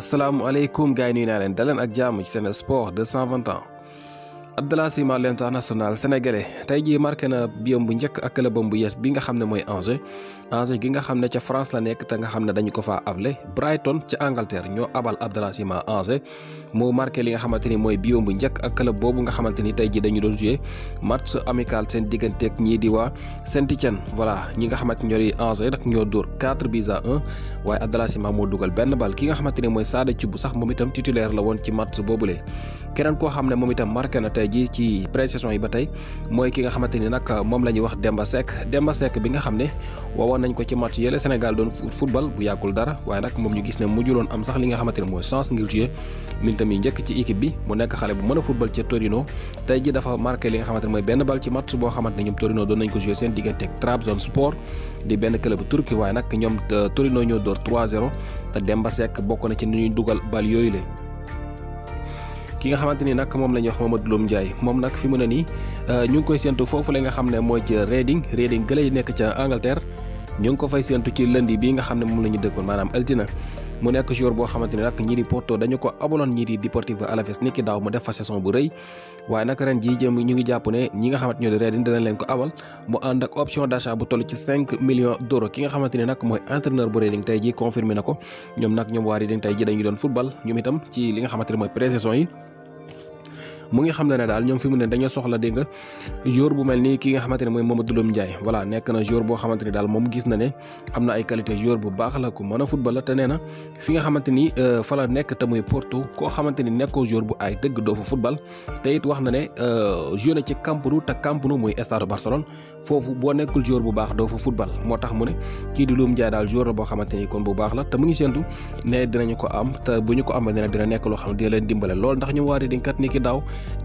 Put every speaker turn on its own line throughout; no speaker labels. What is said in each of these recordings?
asalaamaaleykum gars yi nuyu naa leen daleen ak jàmm ci seen sport 221 Abdelaziz Mar l'international sénégalais tey jii marqué na biom bu njëkk ak clubam bu yees bi nga xam ne Angers Angers gi nga xam ne France la nekk te nga xam ne ko faa able Brighton ca Angleterre ñoo abal Abdelaziz Mar Angers mu marqué li nga xamante ni mooy biom bu njëkk ak club boobu nga xamante ni dañu doon joué match amical seen digganteeg ñii di waa Saint-Étienne voilà ñi nga xamante ñoo Angers nag ñoo dóor 4 buts à 1 waaye Abdelaziz Mar moo dugal benn bal ki nga xamante ni mooy Sada Thioub sax moom titulaire la woon ci match boobule keneen koo xam ne moom itam marqué na tey jii ci précision yi ba tey mooy ki nga xamante ni nag moom la ñuy wax Demba Seck Demba Seck bi nga xam ne woowoon nañ ko ci match yële Sénégal doon football bu yàggul dara waaye nag moom ñu gis ne mujjuloon am sax li nga xamante ne mooy chance ngir jouer minute yi njëkk ci équipe bi mu nekk xale bu mën a football ca Torino tey ji dafa marqué li nga xamante mooy benn bal ci match boo xamante ne ñoom Torino doon nañ ko jouer seen diggante ak Trabzonspor di benn ñoom Torino ñoo door 3-0 te Demba Seck na ci ni ñuy dugal bal yooyu la ki nga xamante ni nag moom la ñuy wax Mamadou Loum Ndiaye moom nag fi mu ne nii euh, ñu ngi koy séntu foofu la nga xam ne mooy ci Reading Reading gëlay nekk ca Angleterre ñu ngi ko fay séentu ci lundi bi nga xam ne moom la ñu dëkkoon maanaam altina mu nekk joueur boo xamante ne nag ñii di Porto dañu ko abaloon ñii di Deportivo niki daaw mu def fa saison bu rëy waaye nag ren jii jëm ñu ngi jàpp ne ñi nga xamante ñoo di Reading dinañ leen ko abal mu ànd ak option d'achat bu toll ci 5 millions ki nga xamante ne nag mooy entraîneur bu Reading tey jii confirmé na ko ñoom nag ñoom waa Reading tey jii dañuy doon football ñoom itam ci li nga xamante ne mooy pré yi mu ngi xam ne daal ñoom fi mu ne dañoo soxla dégg nga joueur bu mel ni ki nga xamante ne mooy Mamadou Lom Ndiaye voilà nekk na joueur boo xamante ni daal moom gis na ne am na ay qualité bu baax la ku mën a football la te nee na fi nga xamante ni euh, fa la nekk te muy Porto koo xamante ni nekkoo joueur bu ay dëgg doo fa football te it wax na ne euh, joué na ci Camp Nou te Camp Nou muy stade Barcelone foofu boo nekkul joueur bu baax doo fa football moo tax mu ne kii di Lom Ndiaye daal joueur la boo xamante ni kon bu baax la te mu ngi ne dinañu ko am te bu ñu ko amee ne dina nekk loo xam ne dina leen dimbale ndax ñu ni ki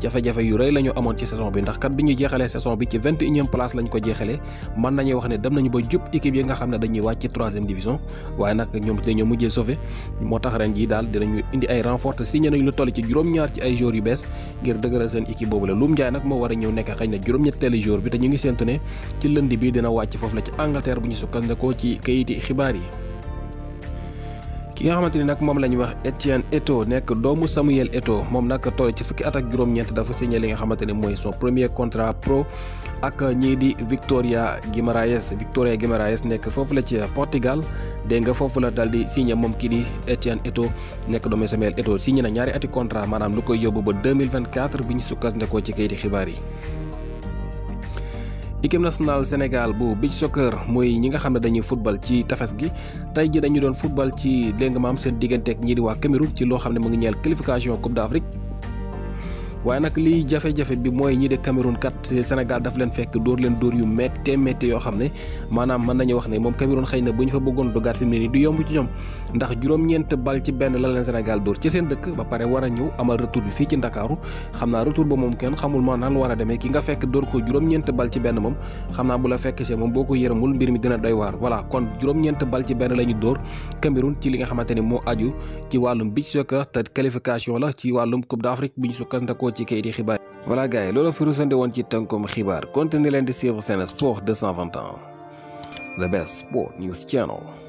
jafe-jafe yu rëy la amoon ci saison bi ndax kat bi ñu jeexalee saison bi ci vingt et unième place ko jeexalee mën nañuy wax ne dem nañu ba jub équipe yi nga xam ne dañuy wàcc ci troisième division waaye nag ñoom dañoo mujjee sauvé moo tax ren jii daal dinañu indi ay renfort signé nañu lu toll ci juróom-ñaar ci ay joueurs yu bees ngir dëgëral seen équipe boobu la Loum Ndiaye nag moo war a ñëw nekk xëy na juróom-ñetteelu joueur bi te ñu ngi séentu ne ci lënd bi dina wàcc foofu la ci Angleterre bu ñu sukkandikoo ci kayiti xibaar yi ki nga xamante ni nag moom la ñuy wax Etienne Eto'o nekk doomu Samuel Eto'o moom nag toll ci fukki at ak juróom-ñeent dafa signé li nga xamante ni mooy son premier contrat pro ak ñii di Victoria Guimaraes Victoria Guimaraes nekk foofu la ci Portugal dégg nga foofu la daal di signé moom kii di Etienne Eto'o nekk doomu Samuel Eto'o signé na ñaari ati contrat maanaam lu koy yóbbu ba 2024 bi ñu sukkandikoo ci kayiti xibaar yi. équipe nationale Sénégal bu beach soccer mooy ñi nga xam ne dañuy football ci tefes gi tey ji dañu doon football ci léegi maam seen digganteeg ñii di waa Cameroun ci loo xam ne mu ngi ñeel qualification Coupe d'Afrique waaye nag liy jafe-jafe bi mooy ñi de Cameroun kat Sénégal daf leen fekk dóor leen dóor yu métte métte yoo xam ne maanaam mën nañu wax ne moom Cameroun xëy na bu ñu fa bëggoon dogaat fi mu nii du yomb ci ñoom ndax juróom-ñeent bal ci benn la leen Sénégal dëkk ba pare war a ñëw fii ci Ndakaaru xam naa retour ba moom kenn xamul ma naan war a demee ki nga fekk dóor ko juróom-ñeent bal ci benn moom xam naa bu la fekk see moom boo ko yërëmul mbir mi dina doy waar voilà kon juróom-ñeent bal ci benn la ñu dóor Cameroun ci li nga ne moo aju ci wàllum beach soccer la ci wàllum Coupe d'Afrique voilà gars yi loolu fi ci tënkum xibar. continuez leen de suivre de sport ans. the best sport news channel